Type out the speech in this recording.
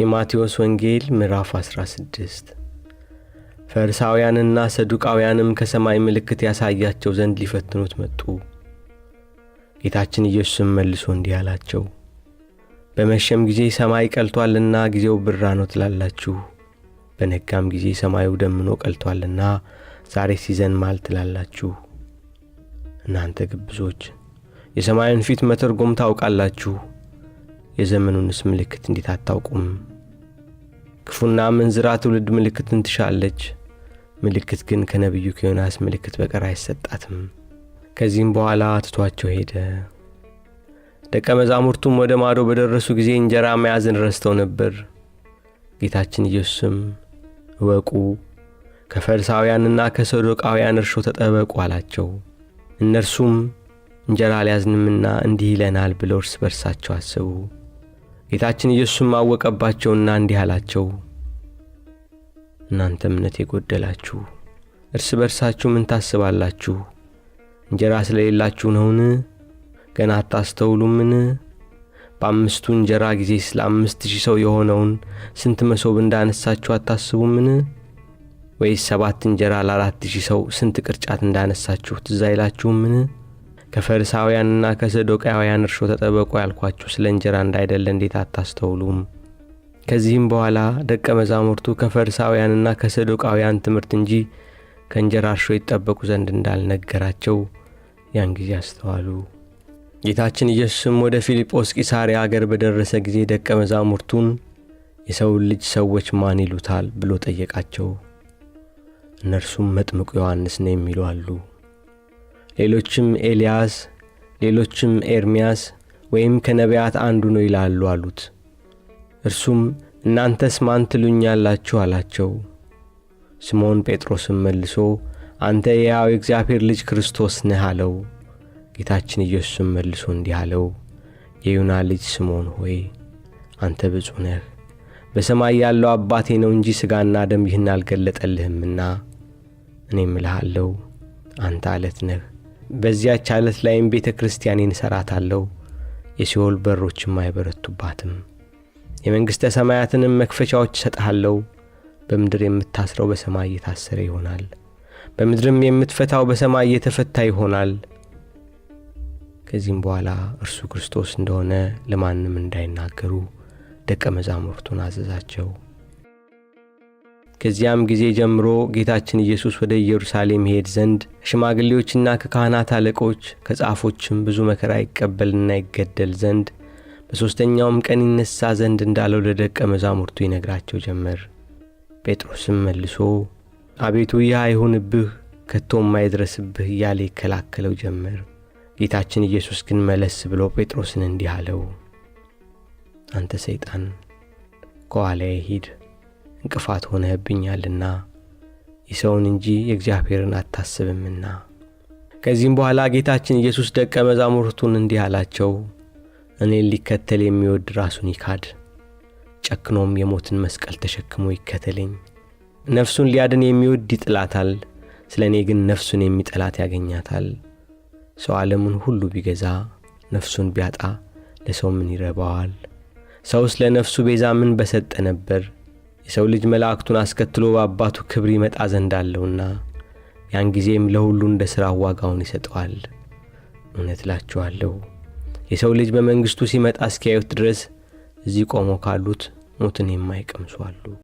የማቴዎስ ወንጌል ምዕራፍ 16 ፈሪሳውያንና ሰዱቃውያንም ከሰማይ ምልክት ያሳያቸው ዘንድ ሊፈትኑት መጡ። ጌታችን ኢየሱስም መልሶ እንዲህ አላቸው፣ በመሸም ጊዜ ሰማይ ቀልቶአልና ጊዜው ብራ ነው ትላላችሁ። በነጋም ጊዜ ሰማዩ ደምኖ ቀልቶአልና ዛሬ ሲዘን ማል ትላላችሁ። እናንተ ግብዞች የሰማዩን ፊት መተርጎም ታውቃላችሁ የዘመኑንስ ምልክት እንዴት አታውቁም? ክፉና ምንዝራ ትውልድ ምልክትን ትሻለች። ምልክት ግን ከነቢዩ ከዮናስ ምልክት በቀር አይሰጣትም። ከዚህም በኋላ ትቷቸው ሄደ። ደቀ መዛሙርቱም ወደ ማዶ በደረሱ ጊዜ እንጀራ መያዝን ረስተው ነበር። ጌታችን ኢየሱስም እወቁ፣ ከፈሪሳውያንና ከሰዶቃውያን እርሾ ተጠበቁ አላቸው። እነርሱም እንጀራ አልያዝንምና እንዲህ ይለናል ብለው እርስ በርሳቸው አስቡ ጌታችን ኢየሱስም አወቀባቸውና እንዲህ አላቸው፣ እናንተ እምነት የጎደላችሁ እርስ በርሳችሁ ምን ታስባላችሁ? እንጀራ ስለሌላችሁ ነውን? ገና አታስተውሉምን? በአምስቱ እንጀራ ጊዜ ስለ አምስት ሺህ ሰው የሆነውን ስንት መሶብ እንዳነሳችሁ አታስቡምን? ወይስ ሰባት እንጀራ ለአራት ሺህ ሰው ስንት ቅርጫት እንዳነሳችሁ ትዛይላችሁምን አይላችሁምን? ከፈሪሳውያንና ከሰዶቃውያን እርሾ ተጠበቁ ያልኳችሁ ስለ እንጀራ እንዳይደለ እንዴት አታስተውሉም? ከዚህም በኋላ ደቀ መዛሙርቱ ከፈሪሳውያንና ከሰዶቃውያን ትምህርት እንጂ ከእንጀራ እርሾ ይጠበቁ ዘንድ እንዳልነገራቸው ያን ጊዜ አስተዋሉ። ጌታችን ኢየሱስም ወደ ፊልጶስ ቂሳርያ አገር በደረሰ ጊዜ ደቀ መዛሙርቱን የሰውን ልጅ ሰዎች ማን ይሉታል ብሎ ጠየቃቸው። እነርሱም መጥምቁ ዮሐንስ ነው የሚሉ አሉ። ሌሎችም ኤልያስ፣ ሌሎችም ኤርምያስ ወይም ከነቢያት አንዱ ነው ይላሉ አሉት። እርሱም እናንተስ ማን ትሉኛላችሁ አላቸው። ስምዖን ጴጥሮስም መልሶ አንተ የያው እግዚአብሔር ልጅ ክርስቶስ ነህ አለው። ጌታችን ኢየሱስም መልሶ እንዲህ አለው፣ የዩና ልጅ ስምዖን ሆይ አንተ ብፁ ነህ፣ በሰማይ ያለው አባቴ ነው እንጂ ሥጋና ደም ይህን አልገለጠልህምና እኔም እልሃለሁ አንተ አለት ነህ በዚያች አለት ላይም ቤተ ክርስቲያኔን አለው የሲኦል በሮችም አይበረቱባትም። የመንግሥተ ሰማያትንም መክፈቻዎች እሰጥሃለሁ። በምድር የምታስረው በሰማይ እየታሰረ ይሆናል፣ በምድርም የምትፈታው በሰማይ እየተፈታ ይሆናል። ከዚህም በኋላ እርሱ ክርስቶስ እንደሆነ ለማንም እንዳይናገሩ ደቀ መዛሙርቱን አዘዛቸው። ከዚያም ጊዜ ጀምሮ ጌታችን ኢየሱስ ወደ ኢየሩሳሌም ይሄድ ዘንድ ከሽማግሌዎችና ከካህናት አለቆች ከጻፎችም ብዙ መከራ ይቀበልና ይገደል ዘንድ በሦስተኛውም ቀን ይነሣ ዘንድ እንዳለው ለደቀ መዛሙርቱ ይነግራቸው ጀመር። ጴጥሮስም መልሶ አቤቱ ይህ አይሁንብህ፣ ከቶ የማይድረስብህ እያለ ይከላከለው ጀመር። ጌታችን ኢየሱስ ግን መለስ ብሎ ጴጥሮስን እንዲህ አለው፣ አንተ ሰይጣን ከኋላ ሂድ እንቅፋት ሆነህብኛልና የሰውን እንጂ የእግዚአብሔርን አታስብምና። ከዚህም በኋላ ጌታችን ኢየሱስ ደቀ መዛሙርቱን እንዲህ አላቸው፣ እኔን ሊከተል የሚወድ ራሱን ይካድ፣ ጨክኖም የሞትን መስቀል ተሸክሞ ይከተለኝ። ነፍሱን ሊያድን የሚወድ ይጥላታል፣ ስለ እኔ ግን ነፍሱን የሚጠላት ያገኛታል። ሰው ዓለሙን ሁሉ ቢገዛ ነፍሱን ቢያጣ ለሰው ምን ይረባዋል? ሰውስ ለነፍሱ ቤዛ ምን በሰጠ ነበር? የሰው ልጅ መላእክቱን አስከትሎ በአባቱ ክብር ይመጣ ዘንድ አለውና ያን ጊዜም ለሁሉ እንደ ሥራ ዋጋውን ይሰጠዋል። እውነት ላችኋለሁ የሰው ልጅ በመንግሥቱ ሲመጣ እስኪያዩት ድረስ እዚህ ቆመው ካሉት ሞትን የማይቀምሱ አሉ።